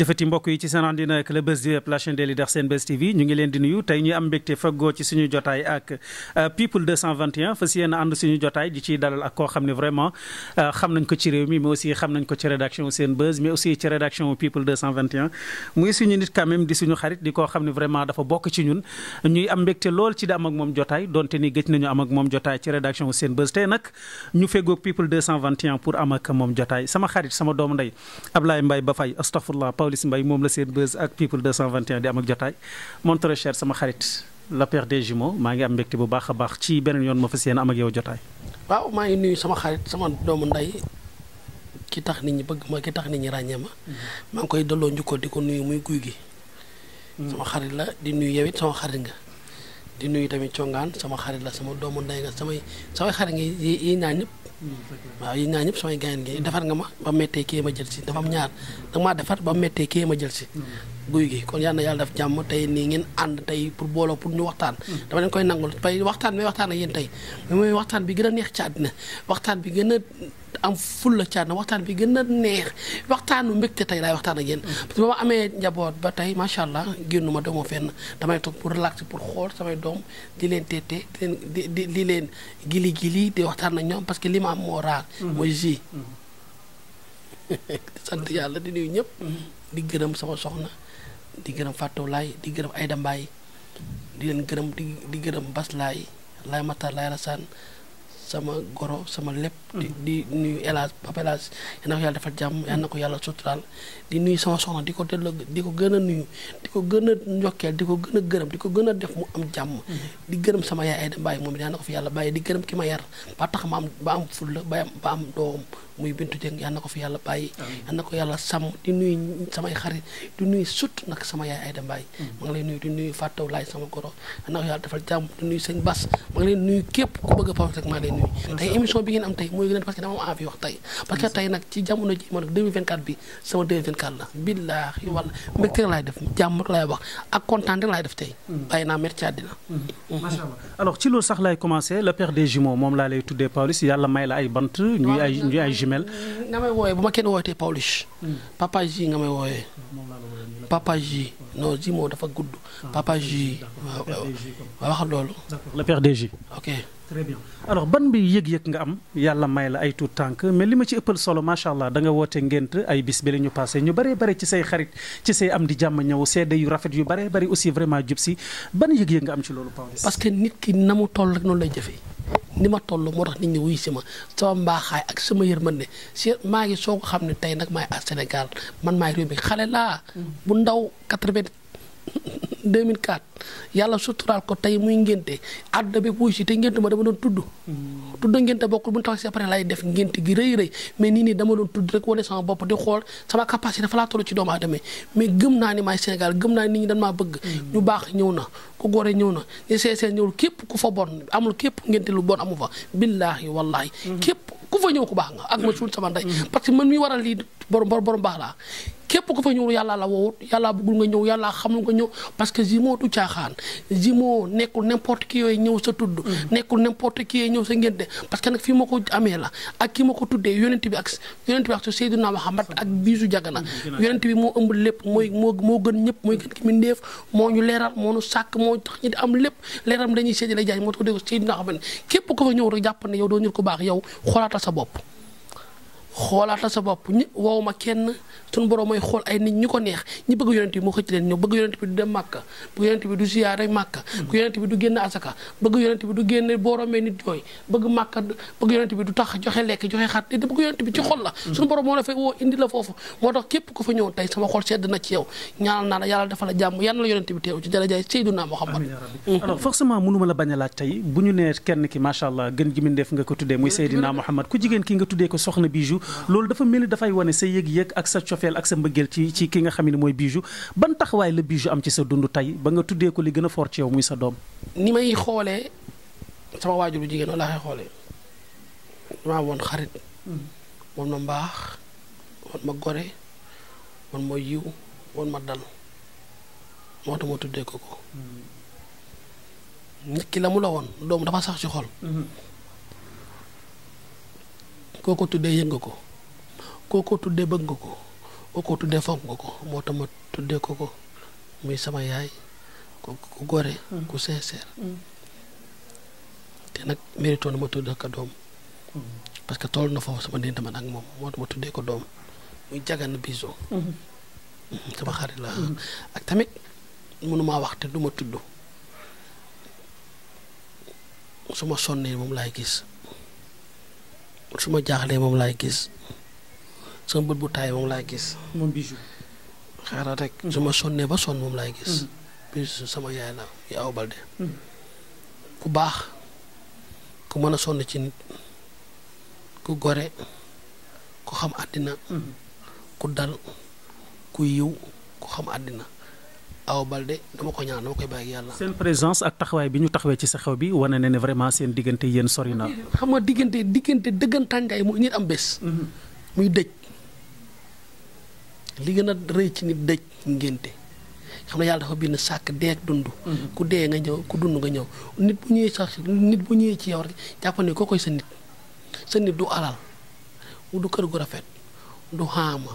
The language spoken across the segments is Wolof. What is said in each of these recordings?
jëfati mbokk yi ci seen àndina ak le buzz du web la chaîne des leaders TV ñu ngi leen di nuyu tey ñuy am mbégte faggoo ci suñu jotaay ak euh, people 221 fas yéen ànd suñu jotaay koo xam ne vraiment euh, xam nañ ko ci réew mi mais aussi xam nañ ko ci mais suñu nit quand di suñu xarit di koo xam ne vraiment dafa bokk ci ñun ñuy am mbégte lool ci di am ak moom jotaay donte ni gëj nañu am ak moom jotaay ci rédaction Senbuzz tey nag ñu feggoog people 221 pour am ak moom jotaay sama xarit sama doomu ndey Ablaye Mbaye Ba Faye Pawlish mbay moom la seen buzz ak people 221 di am ak jotaay mon sama xarit la père des jumeaux maa ngi am mbégte bu baax a baax ci beneen yoon ma fas yéene am ak yow jotaay. waaw maa ngi nuyu sama xarit sama doomu nday ki tax nit ñi bëgg ma ki tax nit ñi ràññee ma. Mm-hmm. maa ngi koy delloo njukkal di ko nuyu muy guy gi. Mm-hmm. sama xarit la di nuyu yow it sama xarit nga. di nuyu tamit congaan sama xarit la sama doomu ndey nga samay samay xarit nga yi naa ñëpp waaw yi naa ñëpp samay gaayen nga defar nga ma ba mettee kii ma jël si dafa am ñaar danga maa defar ba mettee kii ma jël si guy gi kon yal na yàlla def jàmm tey nii ngeen ànd tey pour booloo pour ñu waxtaan dama leen koy nangul tey waxtaan may waxtaan ak yéen tey mooy waxtaan bi gën a neex ci àddina waxtaan bi gën a am fulla caat na waxtaan bi gën a neex waxtaanu mbégte tey laay waxtaan ak génn mm. parce ba ma amee njaboot ba tey macha allah génnu ma demoo fenn damay toog pour relaxer pour xool samay doom di leen teete di leen di di di di waxtaan ak ñoom parce que li ma am moo raar mm-hmm. mooy ji di mm-hmm. sant yàlla mm-hmm. gërëm sama soxna di gërëm Fatou Laay di gërëm Aïda Mbaye di leen gërëm di gërëm Bas Laay Laay Matar Laay Rasaan sama goro sama lépp. Mm. di nuyu El Hadj Papa El Hadj na ko yàlla defal jàmm yal na ko yàlla suturaal di nuyu sama soxna di ko delloo di ko gën a nuyu di ko gën a njokkeel di ko gën a gërëm di ko gën a def mu am jàmm. Mm. di gërëm sama yaay ay bàyyi moom it na ko fi yàlla bàyyi di gërëm ki ma yar ba tax ma am ba am fulla ba am ba am doom muy Bintu Dieng yal ko fi yàlla bàyyi yal ko yàlla sàmm di nuyu sut nag sama yaay Ayda mm. defal jàmm di nuyu sëñ Bass ma lay nuyu képp ku bëgg a rek maa lay nuyu tey émission bi ngeen am tey mooy gën nag ci jamono ji nag 2024 jàmm rek wax ak kontaan rek def tey mm. bàyyi naa mer ci àddina mm-hmm. mm-hmm. macha ci loolu sax laay commencé le père des jumeaux moom laa lay tuddee Pawlish yàlla may la ay bant ñuy ay ñuy mel. nga may wooyee bu ma kenn wooyatee Pawlish. Hmm. papa ji nga may wooyee. papa ji non ji moo dafa gudd. papa ji waaw waaw waxal loolu. d'accord le père des J. ok très ban bi yëg-yëg nga am yàlla may la ay tout tànk mais li ma ci ëppal solo macha allah da nga woote ngént ay bis bi la ñu ñu bëree bëri ci say xarit ci say am di jàmm ñëw seede yu rafet yu bëree bëri aussi vraiment jub si ban yëg-yëg nga am ci loolu Pawlish. parce que nit ki na mu toll rek noonu lay jëfee. ni ma toll moo tax nit ni wuyu si ma sama mbaaxaay ak sama yërmande si maa ngi soo ko xam ne tey nag maay a Sénégal man maay réew mi xale laa. Mm. bu ndaw quatre 2004 yàlla suturaal ko tey muy ngénte àdduna bi si te ngénte ma dama doon tudd. tudd ngénte bokkul bu ñu tax si après lay def ngénte gi rëy rëy mais nii nii dama doon tudd rek wane sama bopp di xool sama capacité dafa laa toll ci doomu aadama mais gëm naa ni maay Sénégal gëm naa ni nit ñi dañ maa bëgg. Mm. ñu baax ñëw na ku gore ñëw na ñu seesee ñëwul képp ku fa bon amul képp ngénte lu bon amu fa billaahi wallaahi. Mm-hmm. képp ku fa ñëw ku baax nga ak ma suul sama borom borom borom baax laa képp ku fa ñëwul yàlla la wowut yàlla bëggul nga ñëw yàlla xamul nga ñëw parce que Zimo du caaxaan Zimo nekkul n'importe qui yooyu ñëw sa tudd mm. nekkul n'importe qui yooyu ñëw sa ngénte parce que nag fii ma ko amee la ak ki ma ko tuddee bi ak yonent bi ak su Seydina Muhammad ak biisu jagana mm, yonent bi moo ëmb lépp mooy moo moo gën ñëpp mooy gën ki mu moo ñu leeral moo ñu sàkk moo tax ñu lépp leeral dañuy seedi lay jaay moo tax dégg Seydina Muhammad képp fa ñëw rek jàpp ne yow doo nit ko baax yow xoolaatal sa bopp xoolaata sa bopp ñi wow ma kenn sunu borom mooy xool ay nit ñi ko neex ñi bëgg yonent bi mu xëcc leen ñëw bëgg yonent bi du dem màkka bëgg yonent bi du siyaare màkka ku yonent bi génn asaka nit jooy bëgg màkka bëgg yonent bi du tax joxe lekk joxe xaat te bëgg yonent bi ci xol la sunu borom moo la fay indi la foofu moo tax képp ku fa ñëw tey sama xol sedd na ci yow ñaanal naa la yàlla dafa jàmm yan yonent bi teew ci jarajaay Seydunaa Muhammad alors forcément la bañ a loolu dafa mel ni dafay wane sa yëg-yëg ak sa cofeel ak sa mbëggeel ci ci ki nga xam ne mooy Bijou ban taxawaay la Bijou am ci sa dund tey ba nga tuddee ko li gën a fort ci yow muy sa doom. ni may xoolee sama waajur bu jigéen noonu laa koy xoolee damaa woon xarit. Hmm. woon ma mbaax woon ma gore woon ma yiw ma dal moo tuddee ko ko. Hmm. nit la mu la woon doom dafa sax ci xol. Hmm. koo ko tuddee yëg nga ko koo ko tuddee bëgg nga ko koo tuddee fonk nga ko moo sama yaay ku mm. mm. te nag mérito mm. que tool na foofu sama diggante ko doom mm-hmm. mm-hmm. tamit mënumaa wax te du ma tudd su sonnee moom laay gis su ma jaaxlee moom laay gis sama bët bu taay moom laay gis. moom bijou. xaaral rekk su ma sonnee ba sonn moom laay gis. Mm-hmm. bijou sama yaay la yaa aw balde. Mm-hmm. ku baax ku mën a sonn ci nit ku gore ku xam àddina mm-hmm. ku dal ku yiw ku xam àddina Awa Balde dama ko ñaan dama koy bàyyi yàlla. seen présence ak taxawaay bi ñu taxawee ci sa xew bi wane na ne vraiment seen diggante yéen sori xam nga diggante diggante dëggantaanjaay mooy nit am bés. Mhm. muy dëj li gën a rëy ci nit dëj ngénte xam ne yàlla dafa bind sàkk dee ak dund. Mhm. ku dee nga ñëw ku dund nga ñëw nit bu ñëwee sax nit bu ñëwee ci yow rek jàpp ne koo koy sa nit sa nit du alal du kër gu rafet du xaama.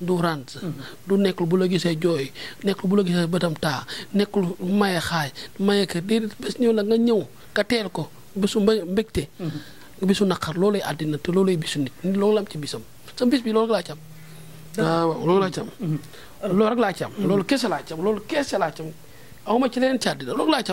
du ràns du nekkul bu la gisee jooy nekkul bu la gisee batam taa nekkul maye xaay maye kër déedéet bés ñëw la nga ñëw nga teel ko bésu mbégte bisu naqar loolay àddina te loolay bisu nit loolu la ci bisam sa bis bi loolu laa ci am ah, loolu laa ci am mhm. loolu laa ci am loolu kese laa ci am loolu kese laa ci am awma loolu laa ci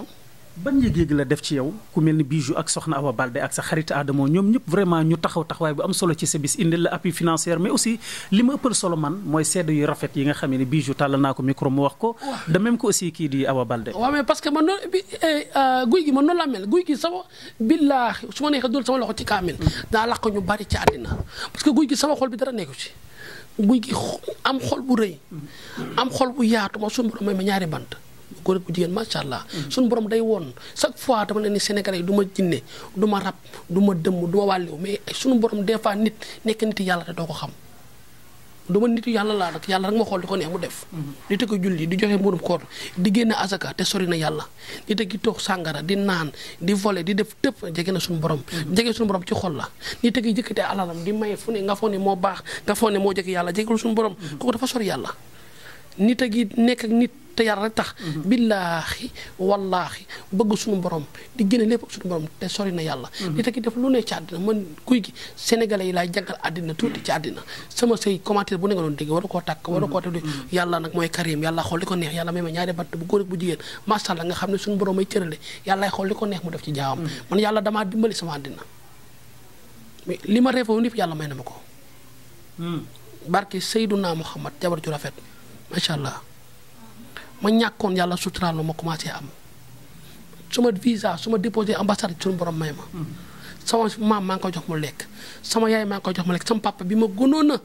ban yëg-yëg la def ci yow ku mel ni Bijou ak Soxna Awa Balde ak sa xarit Adamo ñoom ñëpp vraiment ñu taxaw taxawaay bu am solo ci sa bis indil la appui financier mais aussi li ma ëppal solo man mooy sedd rafet nga xam ne Bijou tàllal naa ko micro mu wax ko. de même que aussi kii di Awa Balde. waaw mais parce que man noonu bi eh, euh, guy gi man noonu laa mel guy gi sama billaahi su ma neexee dul sama loxo ci kaamil. Mm. daa làq ñu bari ci àddina parce que guy gi saw xol bi dara nekku ci guy gi am xol bu rëy. Mm. am xol bu yaatu ma suñu borom may ma ñaari bant. góor ak jigéen macha allah. suñu borom day woon chaque fois dama ne ni Sénégalais yi du ma jinne du ma rab duma ma dëmm du wàlliw mais suñu borom des nit nekk nit yàlla te doo ko xam. du ma nitu yàlla laa nag yàlla rek ma xool di ko neex mu def. di mhm. tëgg julli di joxe mburum koor di génne asaka te sori na yàlla di tëgg toog sàngara di naan di vole di def tëpp jege na suñu borom. Mhm. jege suñu borom ci xol la di tëgg jëkkate alalam di maye fu ne nga foog ne moo baax nga foog ne moo jege yàlla jegul suñu borom. Mhm. kooku dafa sori yàlla. nit a ngi nekk ak nit te yàlla rek tax. Mhm. billaahi wallaahi bëgg suñu borom di génne lépp ak suñu borom te sori na yàlla. Mhm. nit a ngi def lu nekk ci àddina man guy gi sénégalais yi laay jàngal àddina tuuti ci àddina sama sëy commentaire bu ne nga doon dégg koo tàkk waru koo mhm. yàlla nag mooy karim yàlla xool ko neex yàlla may ñaari bant bu góor ak bu jigéen macha xam ne suñu borom ay cërale yàllaay ko neex mu def ci jaawam. man yàlla damaa dimbali sama àddina mais li ma réewoon yàlla may na ma ko. barki barke Seydunaa Muhammad jabar ju rafet macha allah ma ñàkkoon yàlla suturaal ma ma commencé am suma visa suma déposé ambassade suñu borom may ma. sama maam maa ngi ko jox mu lekk sama yaay maa ngi koy jox mu lekk sama papa bi ma gënoon a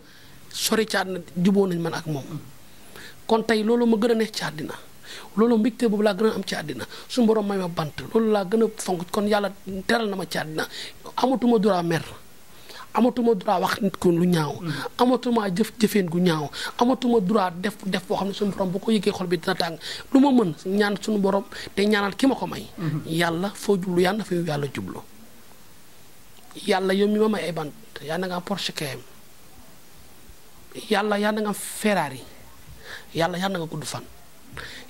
sori ci àddina juboo nañ man ak moom. kon tey loolu ma gën a nekk ci àddina loolu mbégte boobu laa gën a am ci àddina suñu borom may ma bant loolu laa gën a fonk kon yàlla teral na ma ci àddina amatuma droit mer. amatuma droit wax nit ko lu ñaaw amatuma jëf jëfeen gu ñaaw amatuma droit def def boo xam ne suñu borom bu ko yëgee xol bi dina tàng lu ma mën ñaan suñu borom te ñaanal ki ma ko may mhm. yàlla foo jublu yàlla na fa yàlla jublu yàlla yow mi ma na nga yàlla yàlla na nga am Ferrari yàlla yàlla na nga gudd fan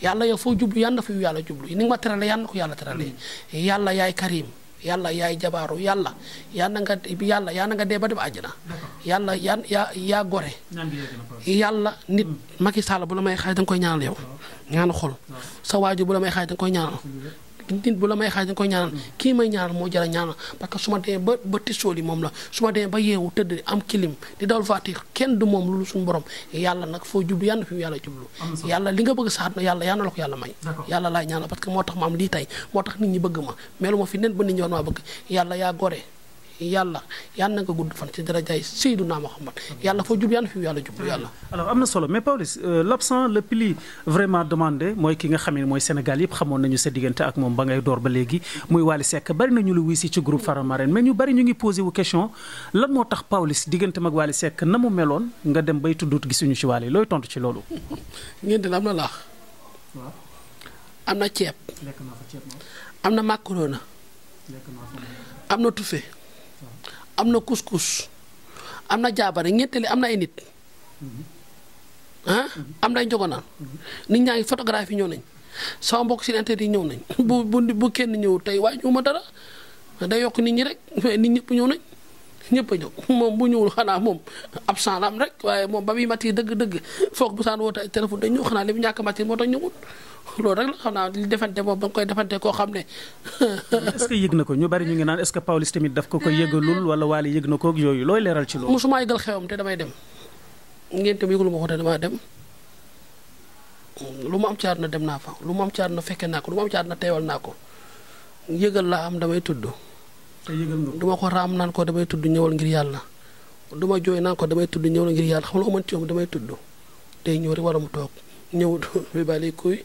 yàlla yow foo jublu na yàlla jublu ni nga ma terale yàlla na ko yàlla terale mhm. yàlla yaay Karim yàlla yaay jabaaru yàlla yal na nga yàlla yal na nga dee ba dem àjjana. yàlla yan yaa yaa gore. yàlla nit hmm. Macky Sall bu la may xaaj da nga koy ñaanal yow. ñaanu xol sa waajur bu la may xaaj da koy ñaanal. nit bu la may xaalis da nga koy ñaanal mm. kii may ñaanal moo jara ñaanal parce que su ma ba ba tisoo li moom la su ma demee ba yeewu tëdd am kilim di dawal voiture kenn du moom loolu suñu borom yàlla nag foo jublu yàlla fi yàlla jublu yàlla li nga bëgg sax yàlla yàlla la ko yàlla may yàlla laay ñaanal parce que moo tax ma am lii tey moo tax nit ñi bëgg ma melu ma fi nen ba nit ñi war bëgg yàlla yaa gore yàlla yàlla na nga gudd fan ci darajaay Seydunaa Muhammad yàlla foo jub yàlla fi yàlla jub yàlla. alors am na solo mais Pawlish euh, l'absent le plus vraiment demandé mooy ki nga xam ne mooy Sénégal yëpp xamoon nañu sa diggante ak moom ba ngay door ba léegi muy Wally Seck bari nañu lu wisi ci groupe Faramaren mais ñu bari ñu ngi posé wu question lan moo tax Pawlish diggante mag Wally Seck na mu meloon nga dem bay tuddut gisuñu ci Wally looy tontu ci loolu. ngeen di am na laax. am na ceeb. am na macaroni. am na tufe. am na couscous am na jaabare ñettali am na ay nit ah am na ay naa nit ñaa ngi photographie ñëw nañ sama mbokk si internet yi ñëw nañ bu bu kenn ñëwul tey waaj uma dara day yokk nit ñi rek nit ñi ñëpp ñëw nañ. ñëpp a ñëw moom bu ñëwul xanaa moom absent la am rek waaye moom ba muy mati dëgg-dëgg foog bu saan woote ay téléphone dañ ñëw xanaa li mu ñàkk mati moo tax ñëwul loolu rek la xam naa li defante moom ba nga koy defante koo xam ne. est-ce que na ko ñu bari ñu ngi naan est-ce que tamit daf ko koy wala Wally yëg na ko ak yooyu looy leeral ci loolu. musuma yëgal xewam te damay dem ngeen itam yëguluma ko te damaa dem lu mu am caar na dem naa fa lu mu am caar na fekke naa ko lu mu am caar na teewal naa ko yëgal laa am damay tudd du ko raam naan ko damay tudd ñëwal ngir yàlla du ma jooy naan ko damay tudd ñëwal ngir yàlla xam loo man ci moom damay tudd day ñëw rek wala mu toog ñëwut dafay bàyyi kuy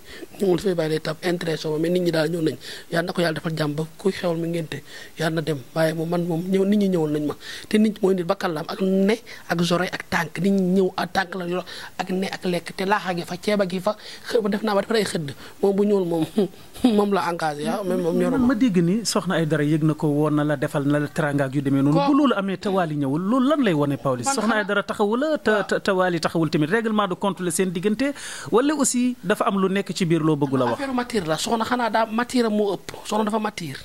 ñëwul dafay bàyyi tab intéressé ma nit ñi daal ñëw nañ yàlla na ko yàlla defal jàmm ba kuy xewal mu ngénte yàlla na dem waaye moom man moom ñëw nit ñi ñëwul nañ ma te nit mooy nit ba kàllaam ak ne ak zoroy ak tànk nit ñi ñëw ak tànk la yor ak ne ak lekk te laaxa gi fa ceeba gi fa def naa ba dafa xëdd moom ñëwul moom moom la engagé ah, moom ñoruma ma dégg ni soxna ay dara yëg na ko woon na la defal na la teraanga yu demee noonu bu loolu amee tawaali ñëwul loolu lan lay wone Pawlish soxna ay dara taxawul tawaali taxawul tamit règlement de compte la seen diggante wala aussi dafa am lu nekk ci biir loo bëgg a wax. la soxna xanaa daa matière moo ëpp dafa matière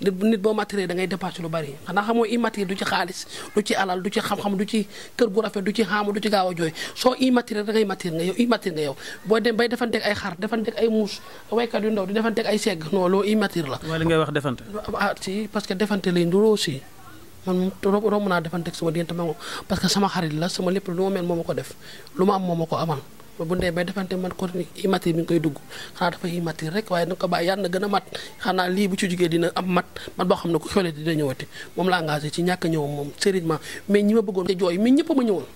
nit nit boo matière da ngay lu bari xanaa xamoo immature du ci xaalis du ci alal du ci xam du ci kër gu rafet du ci xaamu du ci gaaw a soo immature da ngay matière nga yow immature nga yow boo dem bay defanteeg ay xar defanteeg ay muus waykat yu ndaw di defanteeg ay segg non loolu la. waaye li ngay wax defante. ah si parce que defante lay nduroo si. man romb naa defanteeg sama diggante ma parce que sama xarit la sama lépp lu ma mel moo ma ko def lu ma am moom ma ko amal ba bu ndee bay defante man continue immature mi ngi koy dugg xanaa dafa immature rek waaye nag ko bàyyi yàlla na gën a mat xanaa lii bu ci jugee dina am mat man boo xam ne ku xoolee dina ñëwati moom la engagé ci ñàkk ñëw moom sérieusement mais ñi ma bëggoon te jooy mais ñëpp ma ñëwoon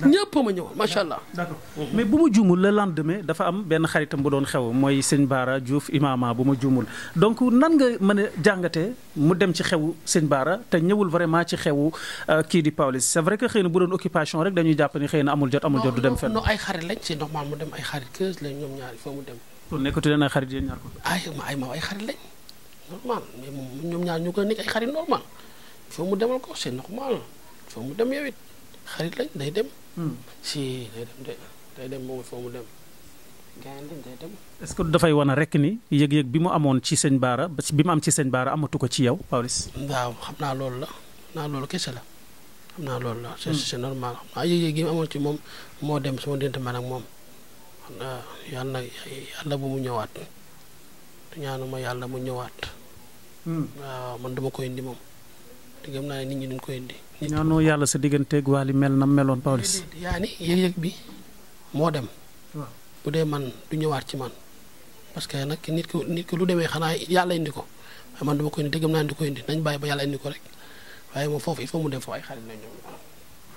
ñëpp ma ñëwoon macha allah. d'accord mm-hmm. mais bu ma juumul le lendemain dafa am benn xaritam bu doon xew mooy sëñ Baara Diouf imaama bu ma juumul donc nan nga mën a jàngatee mu dem ci xew sëñ Baara te ñëwul vraiment ci xewu euh, kii di Pawlish c'est vrai que xëy na bu doon occupation rek dañuy jàpp xëy na amul jot amul jot. du dem fenn non ay xarit lañ c'est normal mu dem ay xarit kees lañ ñoom ñaari fa mu dem. pour leen ay xarit yéen ñaar ko. ay ma ay ma ay xarit lañ normal mais moom ñoom ñaar ñu ko nekk ay xarit normal foo mu demal ko c'est normal foo mu dem yow it day dem Hmm. si day dem de day dem moom foo dem. est-ce que dafay wane rek ni yëg-yëg bi mu amoon ci seen Baara bi mu am ci seen Baara amatu ko ci yow Pawlish. waaw xam naa loolu la xam naa loolu kese la xam naa loolu la. c'est hmm. c'est normal xam naa yëg-yëg yi mu amoon ci moom moo dem sama dent man ak moom xam yàlla yàlla mu ñëwaat ñaanuma yàlla mu ñëwaat. Hmm. waaw man dama koy indi moom. te gëm naa ne nit ñi dañ koy indi. ñaanoo yàlla sa digganteeg Wally mel na meloon Pawlish. yaa ni yëg-yëg bi moo dem. waaw bu dee man du ñëwaat ci man parce que nag nit ku nit ku lu demee xanaa yàlla indi ko waaye man dama koy indi te gëm naa ne du koy indi nañ bàyyi ba yàlla indi ko rek waaye moom foofu il faut mu dem foofu ay xarit la ñoom.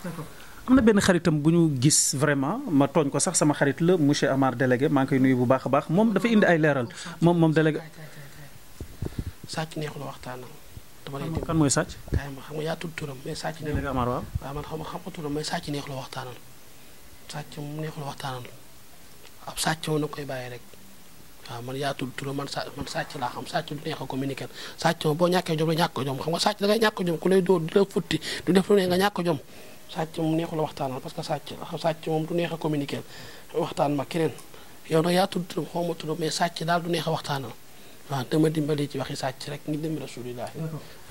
d'accord am na benn xaritam bu ñu gis vraiment ma tooñ ko sax sama xarit la monsieur Amar délégué maa ngi koy nuyu bu baax a baax moom dafa indi ay leeral moom moom délégué. sàcc neexul dama lay kan mooy sàcc kaay ma xam nga yaa tudd turam man xam nga xam nga turam mais sàcc neexul waxtaanal sàcc mu neexul waxtaanal ab sàcc moom na bàyyi rek waaw man yaa tudd turam man sa sàcc laa xam sàcc neex a communiquer sàcc boo ñàkkee jom ñàkk ko jom xam nga sàcc da ngay lay dóor di la futti du def lu ne nga ñàkk ko jom sàcc moom neexul waxtaanal parce que sàcc ah, sàcc moom du neex a communiquer waxtaan ma keneen yow nag yaa tudd turam xaw ma turam mais sàcc daal du neex a waxtaanal waaw te ma dimbalee ci waxi sàcc rek ngi dem rasulillah.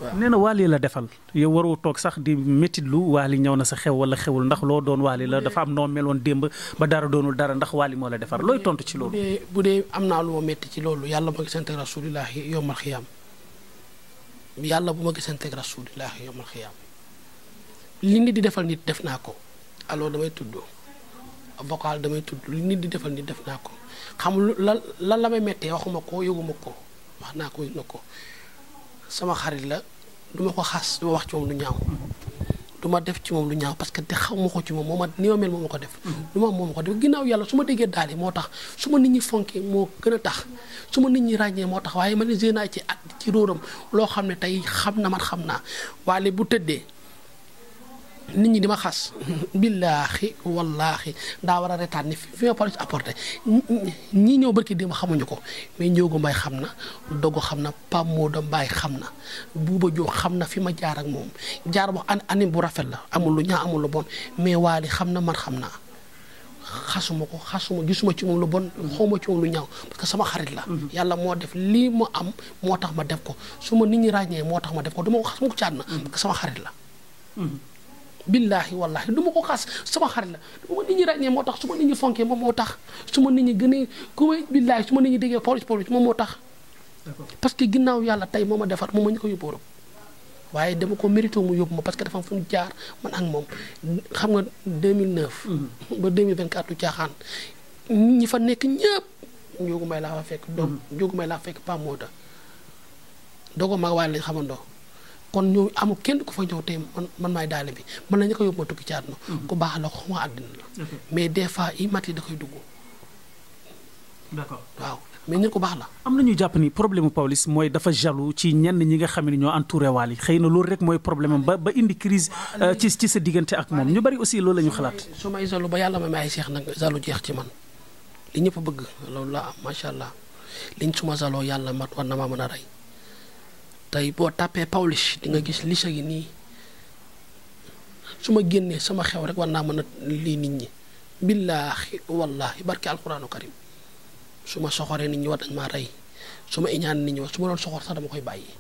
waaw nee waali la defal yow waroo toog sax di métit lu waali ñëw na sa xew wala xewul ndax loo doon waali la dafa am noo meloon démb ba dara doonul dara ndax waali moo la defar looy tontu ci loolu. bu dee am naa lu ma métti ci loolu yàlla ma gisante ak rasulillah yowmal xiyaam yàlla bu ma gisante ak rasulillah yowmal xiyaam li nit di defal nit def naa ko alors damay tudd vocal damay tudd li di defal nit def naa ko xam lan lan waxuma ko yëguma ko. wax naa ko na ko sama xarit la duma ko xas du wax ci moom lu ñaaw du ma def ci moom lu ñaaw parce que te xaw ma ko ci moom moo ma ni ma mel moo ma ko def lu mhm. ma moom ma ko def ginnaaw yàlla su ma déggee daal yi moo tax su ma nit ñi fonkee moo gën a tax su ma nit ñi ràññee moo tax waaye man ne naa ci at ci rooram loo xam ne tey xam na mat xam naa waale bu tëddee nit ñi di ma xas billaahi wallaahi daa war a retaan ni fi ma police apporté ñi ñëw barki démb xamuñu ko mais Ndiogo Mbaye xam na Dogo xam na Pam Moodo Mbaye xam na Buuba Joo xam na fi ma jaar ak jaar ba an anim bu rafet la amul lu ñaaw amul bon mais waali xam na man xam naa xasuma ko xasuma gisuma ci moom bon xawma ci moom lu ñaaw sama xarit la mhm. yàlla moo def lii ma am moo tax ma def ko su ma nit ñi ràññee moo tax ma def ko du ma ko xasuma ko caat na mhm. sama xarit la mhm. billaahi wallaahi lu ma ko xas sama xarit la du ma nit ñi ràññee moo tax su ma nit ñi fonkee moom moo tax su ma nit ñi gënee ku may billaahi su ma nit ñi déggee police police moom moo tax. parce que ginnaaw yàlla tey moom ma defar moom ma ñu ko yóbbu Europe waaye dama ko mérito mu yóbbu ma parce que dafa am jaar man ak moom xam nga 2009. Mm. ba 2024 du caaxaan ñi fa nekk ñëpp. Ndiogu laa fa fekk. doog Ndiogu Mbaye laa fa fekk Paa Mota dogo mag waaye lañ xamandoo. kon ñëw amul kenn ku fa ñëw tey man man maay daale bi man la ñu ko yóbbu ma tukki ci àdduna mm-hmm. ku baax la xuma àddina la mais des fois i mat yi da koy dugg d'accord waaw mais nit ku baax la. am na ñu jàpp ni problème mu mooy dafa jaloux ci ñenn ñi nga xam ne ñoo entouré Wally xëy na loolu rek mooy problème am ba indi crise euh, ci ci sa diggante ak moom ñu bari aussi loolu la ñu xalaat. su may jaloux ba yàlla may may seex nag jaloux jeex ci man li ñëpp bëgg loolu la am macha allah liñ suma jaloux yàlla mat war na ma mën a rey tay boo tàppee Pawlish di nga gis Liss a ngi nii su ma génnee sama xew rek war naa mën a lii nit ñi billaahi wallaahi barke alquraanu karim su ma soxoree nit ñi war dañ maa rey su ma iñaan nit ñi war su ma doon soxor sax dama koy bàyyi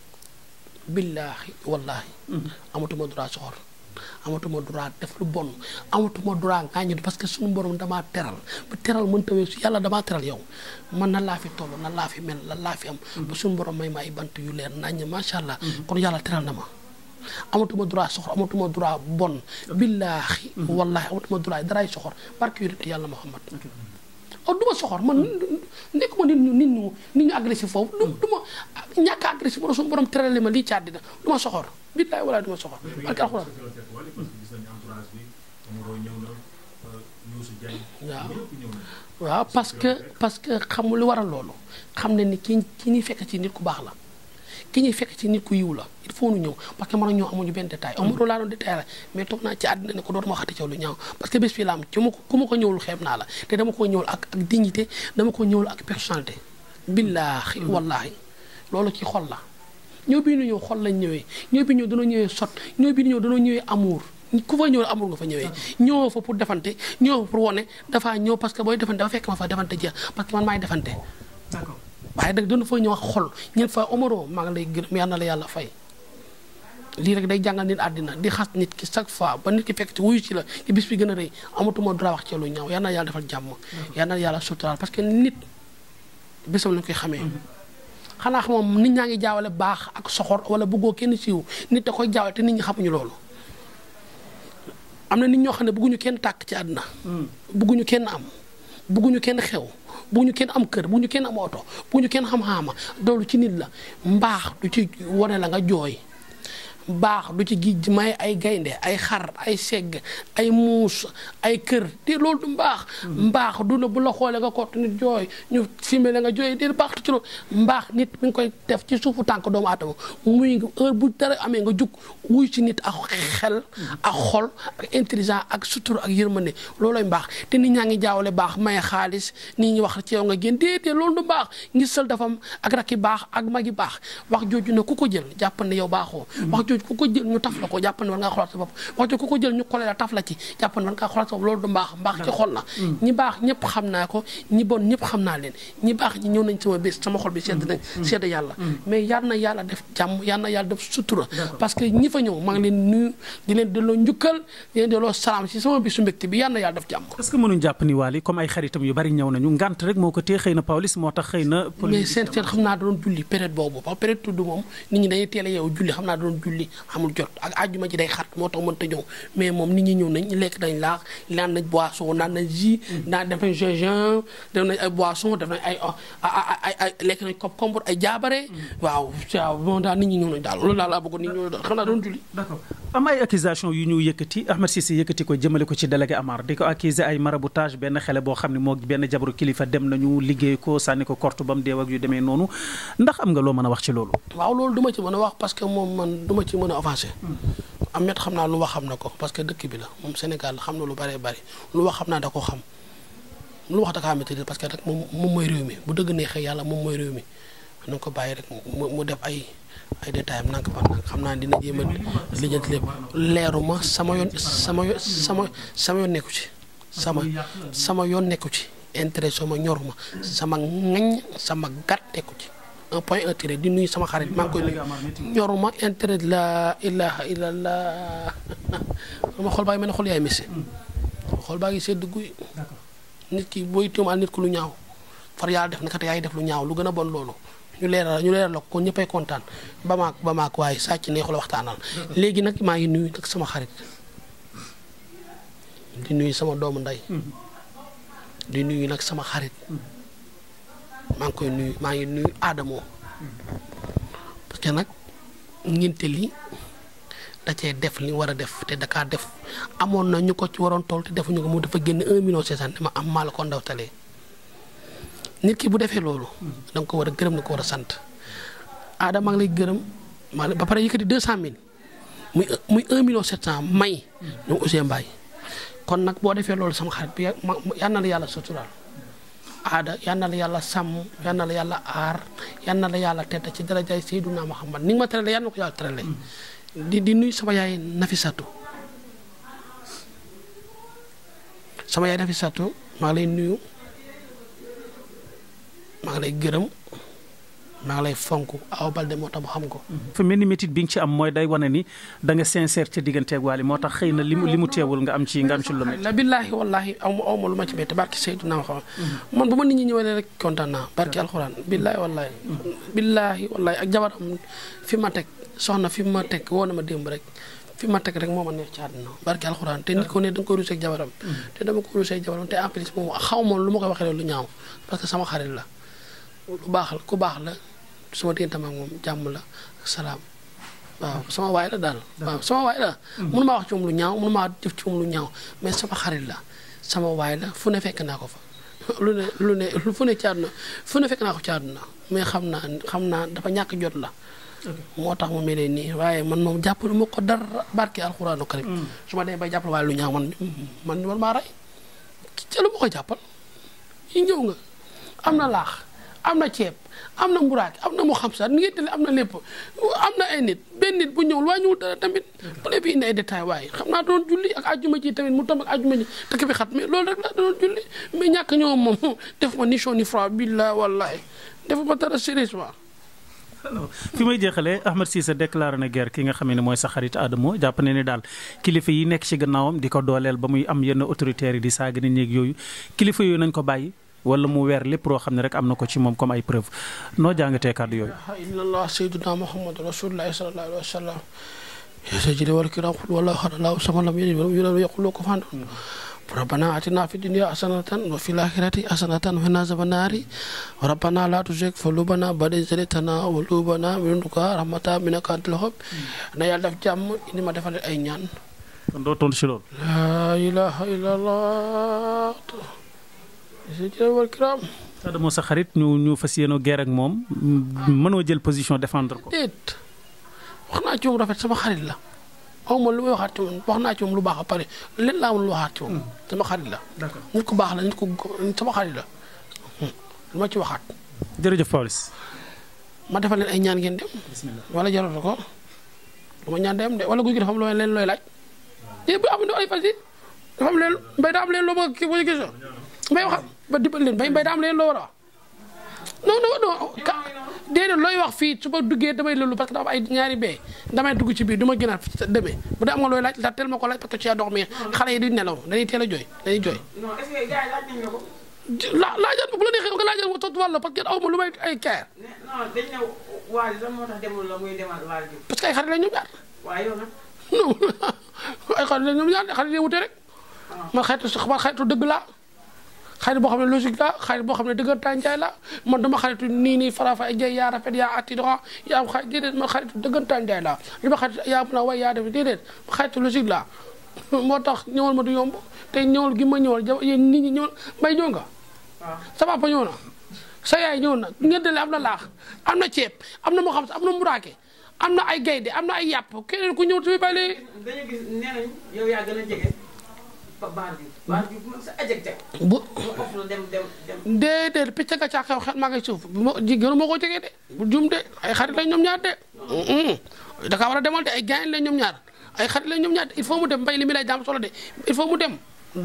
billaahi wallaahi mm-hmm. amatuma droit soxor amatuma droit def lu bon amatuma droit ngaañu parce que suñu borom damaa teral bu teral mën tawee su yàlla damaa teral yow man nan laa fi toll nan laa fi mel nan laa fi am ba mm-hmm. suñu borom may ma ay bant yu leer naññ macha allah mm-hmm. kon yàlla teral na ma amatuma droit soxor amatuma droit bon billaahi mm-hmm. wallaahi amatuma droit daraay soxor barke yu yàlla Muhammad or oh, du ma soxor man nekkuma nit ñu nit ñu nit ñu agressif foofu du hmm. ñàkk a agressif ma suñu borom terale ma lii ci àddina du ma soxor billaay wala du euh, parce que parce que xamul lu waral loolu xam ne ni ki ki ñuy fekk ci nit ku baax la ki ñuy fekk ci nit ku yiw la il faut nu ñëw parce que mën ñoo amuñu benn détail Omaro laa doon détail la mais toog naa ci àddina ne ko dootuma waxati caw lu ñaaw parce que bés bi la am ci ku ma ko ñëwul xeeb naa la te dama ko ñëwul ak ak dignité dama ko ñëwul ak personnalité billaahi wallaahi loolu ci xol la ñëw bi ñu ñëw xol lañ ñëwee ñëw bi ñëw danoo ñëwee sot ñëw bi ñëw danoo ñëwee amour ku fa ñëw amour nga fa ñëwee ñëw fa pour defante ñëw fa pour wone dafaa ñëw parce que booy defante dafa fekk ma fa defante jeex parce que man maay defante waaye nag dina fa ñëw xol ñun fa Omaro maa ngi lay gërëm yal na la yàlla fay lii rek day jàngal nit àddina di xas nit ki chaque fois ba nit ki fekk ci wuyu ci la ci bis bi gën a rëy amatuma dara wax lu ñaaw yal na yàlla defal jàmm. Mm-hmm. yal yàlla suturaal parce que nit bésam lañ koy xamee. Mm-hmm. xanaa xamoon nit ñaa ngi jaawale baax ak soxor wala buggoo kenn siiw nit da koy jaawale te nit ñi xamuñu loolu. am na nit ñoo xam ne bëgguñu kenn tàkk ci àddina. Mm. bëgguñu kenn am bëgguñu kenn xew. bu ñu kenn am kër bu ñu kenn am oto bu kenn xam-xama loolu ci nit la mbaax du ci wane la nga jooy baax du ci gij may ay gaynde ay xar ay segg ay muus ay kër te loolu du mbaax mbaax du la bu la xoolee nga kott nit jooy ñu filmé la nga jooy dee baax tu ci mbaax nit mi koy def ci suufu tànk doomu aadama muy heure bu dara amee nga jug wuy ci nit ak xel ak xol ak intelligent ak sutur ak yërmande loolooy mbaax te nit ñaa ngi jaawale baax may xaalis nit ñi wax ci yow nga génn déedéet lool du mbaax ngi sal dafam ak rakki baax ak magi baax wax jooju na ku ko jël jàpp yow baaxoo jooju ku ko jël ñu taf la ko jàpp ne war ngaa xoolaat sa bopp wax jooju ku ko jël ñu xoolee la taf la ci jàpp ne ngaa xoolaat sa bopp loolu du mbaax mbaax ci xol la mm. ñi baax ñi ñëw nañ sama bi sedd mm. nañ bi yal na yàlla def jàmm est mënuñ jàpp ni Wally comme ay xaritam yu bari ñëw nañu ngànt rek moo ko téye xëy na moo tax xëy na mais seen xam naa doon julli période boobu ba période moom nit ñi dañuy teel a julli xam naa doon julli bi xamul jot ak àjjuma ji day xat moo tax mënta ñëw mais moom nit ñi ñëw nañ lekk nañ laax naan nañ boisson naan nañ jus naan def nañ gingembre def nañ ay boisson def nañ ay ay ay lekk nañ concombre ay jaabare waaw waaw ay ko jëmale ko ci délégué Amar di ko accusé ay maraboutage benn xele boo xam ne moo benn jabaru kilifa dem nañu liggéey ko sànni ko kort ba mu yu demee noonu ndax am nga loo mën a wax ci loolu waaw loolu duma ci mën a wax parce que moom man duma ci si mën a avancé. am met xam naa lu wax xam na ko parce que dëkk bi la moom Sénégal xam na lu bëree bëri lu wax xam naa da ko xam lu wax da kaa maîtriser parce que rek moom moom mooy réew mi bu dëgg neexee yàlla moom mooy mi na ko bàyyi rek mu def ay ay détails am nank par xam naa dina jéem a lijjanti lépp leeru ma sama yoon sama yoon sama sama nekku ci sama sama yoon nekku ci intérêt sama ma sama ŋañ sama gàtt nekku ci un point un tiré di nuyu sama xarit maa ngi koy nuyu ñoruma intérêt la ilaha illallah ma xol baa ngi mel ne xool yaay Messi xool baa ngi sedd guy nit ki booy tuumaal nit ku lu ñaaw far yàlla def na kat yaay def lu ñaaw lu gën a bon loolu ñu leeral ñu leeral ko ñëppay kontaan ba maak ba maak waaye sàcc neexu la waxtaanal léegi nag maa ngi nuyu nag sama xarit di nuyu sama doomu ndey di nuyu nag sama xarit maa ngi koy nuyu maa ngi nuyu Adamo parce que nag ngénte li da cee def li war a def te dakaa def amoon na ñu ko ci waroon toll te ñu ko moom dafa génn un million cinq cent am maa la ko ndawtalee nit ki bu defee loolu. da ko war a gërëm na ko war a sant. Adama maa ngi lay gërëm maa ba pare yëkkati deux cent mille muy muy un million sept may. ñoom Ousseyn Mbaye kon nag boo defee loolu sama xarit bi yàlla na yàlla suturaal. aada yal na la yàlla sàmm yal na la yàlla aar yal na la yàlla tedd ci darajaay Seydunaa Muhammad ni nga ma terale yal na ko yàlla terale di di nuyu sama yaay Nafisatu sama yaay Nafisatu maa ngi lay nuyu maa ngi lay gërëm naa lay fonk Awa Balde moo tax mu xam ko. fa mel ni métit bi nga ci am mooy day wane ni da nga sincère ca digganteeg Wally moo tax xëy na li mu li mu teewul nga am ci nga am billaahi wallaahi ma aw ma lu ma ci métti barki rek kontaan naa barki alxuraan billaahi wallaahi. billaahi wallaahi ak jabaram fi ma teg soxna fi ma teg woo na ma démb rek. fi ma teg rek moo ma neex ci àddina barke alxuraan te nit ko ne da nga koy rusee jabaram te dama ko rusee jabaram te en moom xaw ma lu ma koy waxee lu ñaaw parce que sama xarit la lu baax ku baax la sama diggante ak moom jàmm la ak salaam waay la daal. Hmm. wax ci lu ñaaw mënu lu ñaaw mais sama xarit la sama waay la fu ne naa ko fa. lu ne lu fu ne ci fu ne fekk naa ci àdduna mais xam naa xam naa dafa ñàkk jot la. moo tax mu mel ne nii waaye man moom jàppale ma ko dara barke alxuraanu karim. Hmm. su ma demee bay jàppale waaye lu ñaaw man man man maa rey. ci lu ma ko jàppal yi ñëw nga am na laax am na ceeb. am na mburaake am na mu xam sax ngéntele am na lépp am na ay nit benn nit bu ñëwul waaye ñëwul dara tamit bu ne bi waaye xam naa doon julli ak ajuma tamit mu tomb ak ajuma ji takk xat mais loolu rek ñàkk ñëw moom def ni chaud ni froid billah wallahi def ma dara sérieusement alors fi may jeexalee Ahmed Cissé déclaré na guerre ki nga xam ne mooy sa xarit Adamo jàpp ne ni daal kilifa yi nekk ci gannaawam di ko dooleel ba muy am yenn autoritaires yi di saaga nit ñeeg yooyu kilifa yooyu nañ ko bàyyi. wala mu weer lépp loo xam ne rek am na ko ci moom comme ay preuve noo jàngatee kàddu yooyu. illallah sayyiduna muhammad rasulullah sallallahu alayhi wa sallam يسجد والكرام قل والله أحد الله الصمد لم يلد ولم يولد ويقول له كفوا ربنا آتنا في الدنيا حسنة وفي الآخرة حسنة وقنا عذاب النار ربنا لا تزغ قلوبنا بعد إذ هديتنا na yàlla def jàmm ni ma ay ñaan. Seydina Kiram. Sadio moo sa xarit ñu ñu fas yéenoo guerre ak moom mënoo jël position défendre ko. déet wax naa ci moom sama xarit la ma lu may waxaat wax naa lu baax a pare leen laa amul lu waxaat ci moom. Hmm. sama la. d'accord ku baax la nit ku sama xarit la hmm. lu ma ci waxaat. jërëjëf defal leen ay ñaan ngeen dem. bismillah wala jarul ko. du ma ñaan dem de wala guy gi dafa am looy leen looy laaj. waaw bu am ay fas dafa am leen mbay daa am leen loo bëgg kii boo bay waxal ba dimbali leen bay bay daa am leen loo war a wax non looy wax fii su ma duggee damay lëlu parce que dafa am ay ñaari bee damay ci biir du ma gënaat demee bu dee am nga looy laaj la teel ma ko laaj parce que ci yaa a jooy dañuy jooy. non est-ce que gars yi laaj nañ la la laajal bu la neexee nga laajal ma tontu wàll parce que aw ma lu may ay caire. non dañ ne waa ji lan moo waa ji. parce que ay xarit la ñoom ñaar. waaw yow nag. non ay xarit la ñoom ñaar wute rek. Ah. man xeetu man dëgg laa xarit boo xam ne logique la xarit boo xam ne dëgër tànjaay la man dama xaritu nii nii farafa jay yaa rafet yaa attidoxa yaa am xarit déedéet man xaritu dëgër tànjaay la li ma xaritu yaa mën a way yaa def déedéet ma xaritu logique la moo tax ñëwal ma du yomb te ñëwal gi ma ñëwal ja yéen nit ñi ñëwal mbay ñëw nga ah. sa papa ñëw na sa yaay ñëw na ngeen am na laax am na ceeb am na moo xam am na muraake am na ay gaynde am na ay yàpp keneen ku ñëw tamit bàyyi dañu gis nee nañ yow yaa gën a jege bu déedéet picc nga caa xew xel maa ngay suuf ma ji gënu ma koo jege de bu jum de ay xarit lañ ñoom ñaar de da kaa war a demal de ay gaañ lañ ñoom ñaar ay xarit lañ ñoom ñaar il faut mu dem mbay li mi lay jaam de il faut dem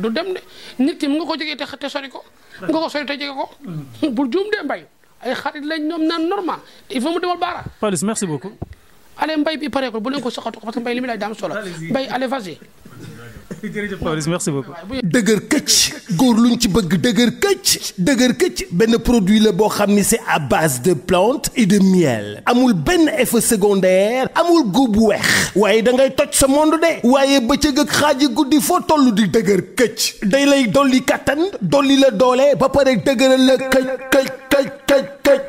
du dem de nit ki mu nga ko jege te te sori ko nga ko sori te jege ko mm-hmm. bu jum de mbay ay xarit lañ ñoom naan normal il faut mu demal baara Pawlish merci beaucoup ale mbay bi pare ko bu ko soxatu ko parce que mbay li mi lay jaam solo mbay allez vas jërëjëf Fabrice merci beaucoup. dëgër këcc góor ñu ci bëgg dëgër këcc dëgër këcc benn produit la boo xam ni c'est à base de plantes et de miel amul benn effet secondaire amul góob bu weex waaye da ngay toj sa monde de waaye bëccëg ak xaaji guddi foo toll di dëgër këcc day lay dolli kattan dolli la doole ba pare dëgëral la këcc këcc këcc këcc.